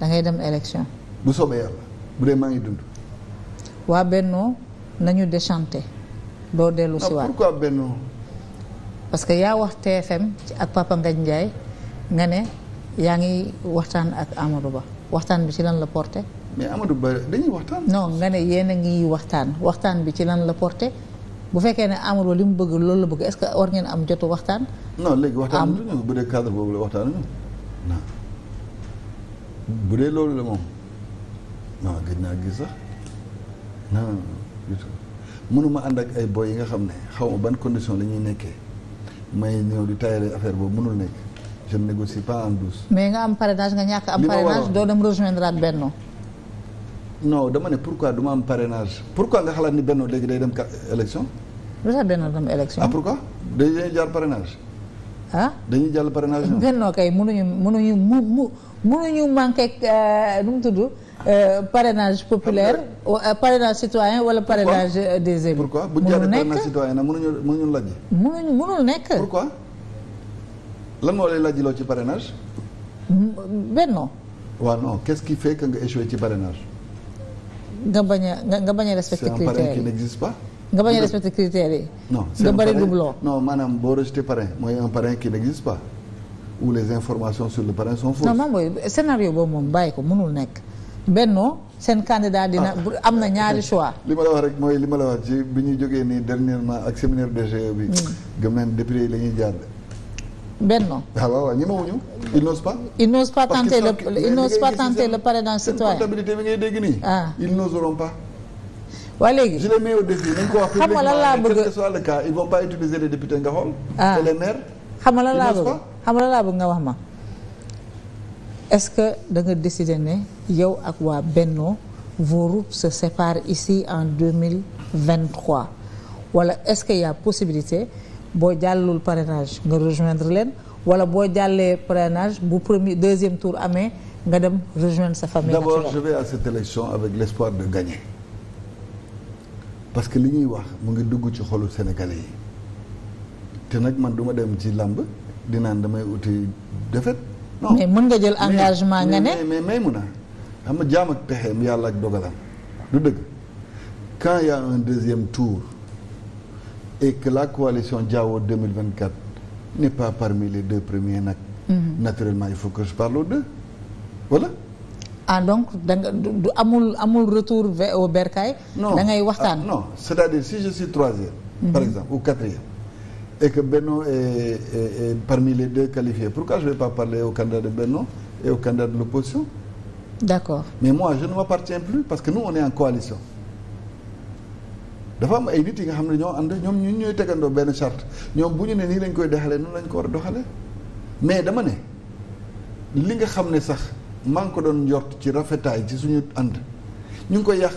da ngay dem élection. bu soobee yàlla bu dee maa ngi dund. waa Bennoo nañu déchanté doo dellu ah, si waat pourquoi Bennoo. parce que yaa wax TFM ci ak Papa Ngagne njaay nga ne yaa ngi waxtaan ak Amadou Ba waxtaan bi ci lan la porté. mais Amadou Ba dañuy waxtaan. non nga ne yéen a ngi waxtaan waxtaan bi ci lan la porté. bu fekkee ne Amadou li mu bëgg loolu la bëgg est-ce que war ngeen am jotu waxtaan. non léegi waxtaan bu dee cadre boobu la waxtaan non. bu dee loolu la moom non gëj naa gis sax non ma ànd ak ay boy yi nga xam ne xaw ma ban condition la ñuy nekkee may ñëw di tayalee affaire boobu mënul nekk je ne négocie pas en douce. mais nga am parrainage nga ñàkk am. parrainage doo dem rejoindre ak Benno. non dama ne pourquoi du ma am parrainage pourquoi nga xalaat ni bennoo léegi day dem élection. lu tax Benno dem élection. ah pourquoi day jaar parrainage. ah dañuy jàll parrainage bennoo kay mënuñu mënuñu mu mu mënuñu manqué euh, nu mu tudd euh, parrainage populaire euh, parrainage citoyen wala parrainage des élus pourquoi bu ñu jàllee parrainage citoyen nag mënuñu mënuñu lajj mënuñu mënul nekk ko lan moo lay lajjloo ci parrainage bennoo waaw non qu'est-ce qui fait que nga échoué ci parrainage nga bañ nga bañ a respecter critères yi c'est un nga bañ a respecter critères yi. non c'est nga bëri doublon. non maanaam boo rejeté parrain mooy un parrain qui n'existe pas où les informations sur le parrain sont fausses. non moom mooy scénario boobu moom bàyyi ko mënul nekk bennoo seen candidat dina ah, am na ñaari choix. li ma la wax rek mooy li ma la wax ci bi ñu jógee nii dernièrement ak séminaire DGE e bi. Hmm. gëm naa ne député yi la ñuy jaar. benno ah waaw waaw ñi ma wuñu tenter le ah. ils n'osent tenter le parrainage citoyen. waa léegi je les mets au défi nañ ko wax publiquement xam nga lan laa bëgg quel que soit le cas ils vont pas utiliser les ah. nga wax ma. est-ce que da nga décider ne yow ak waa Benno vos routes se séparent ici en deux mille vingt trois wala est-ce que y a possibilité boo jàllul parrainage nga rejoindre leen wala boo jàllee parrainage bu premier deuxième tour amee nga dem rejoindre sa famille. naturelle d'abord je vais à cette élection avec l'espoir de parce que li ñuy wax mu ngi dugg ci xolu sénégalais yi te nag man duma dem ci làmb di naan damay uti defet mais mën nga jël engagement nga ne mais mais mun naa xam nga jaam ak pexeem yàlla ak dogalam du dëgg quand il y a un deuxième tour et que la coalition Diao 2024 n'est pas parmi les deux premiers nag. Mm-hmm. naturellement il faut que je parle deux voilà. ah donc da nga du amul amul retour au bercail. non da ngay waxtaan ah, non c'est-à-dire si je suis troisième. Mm -hmm. par exemple ou quatrième. et que Benno est, est, est parmi les deux qualifiés pourquoi je ne vais pas parler au candidat de Benno et candidat de l'opposition d'accord mais moi je ne m'appartiens plus parce que nous on est en coalition dafa am ay nit yi nga xam ne ñoo ànd ñoom ñu ñooy tegandoo benn charte ñoom bu ñu ne nii lañ koy doxalee noonu lañ ko war a doxalee mais dama ne li nga xam ne sax maa ngi ko doon njort ci rafetaay ci suñu ànd ñu ngi koy yàq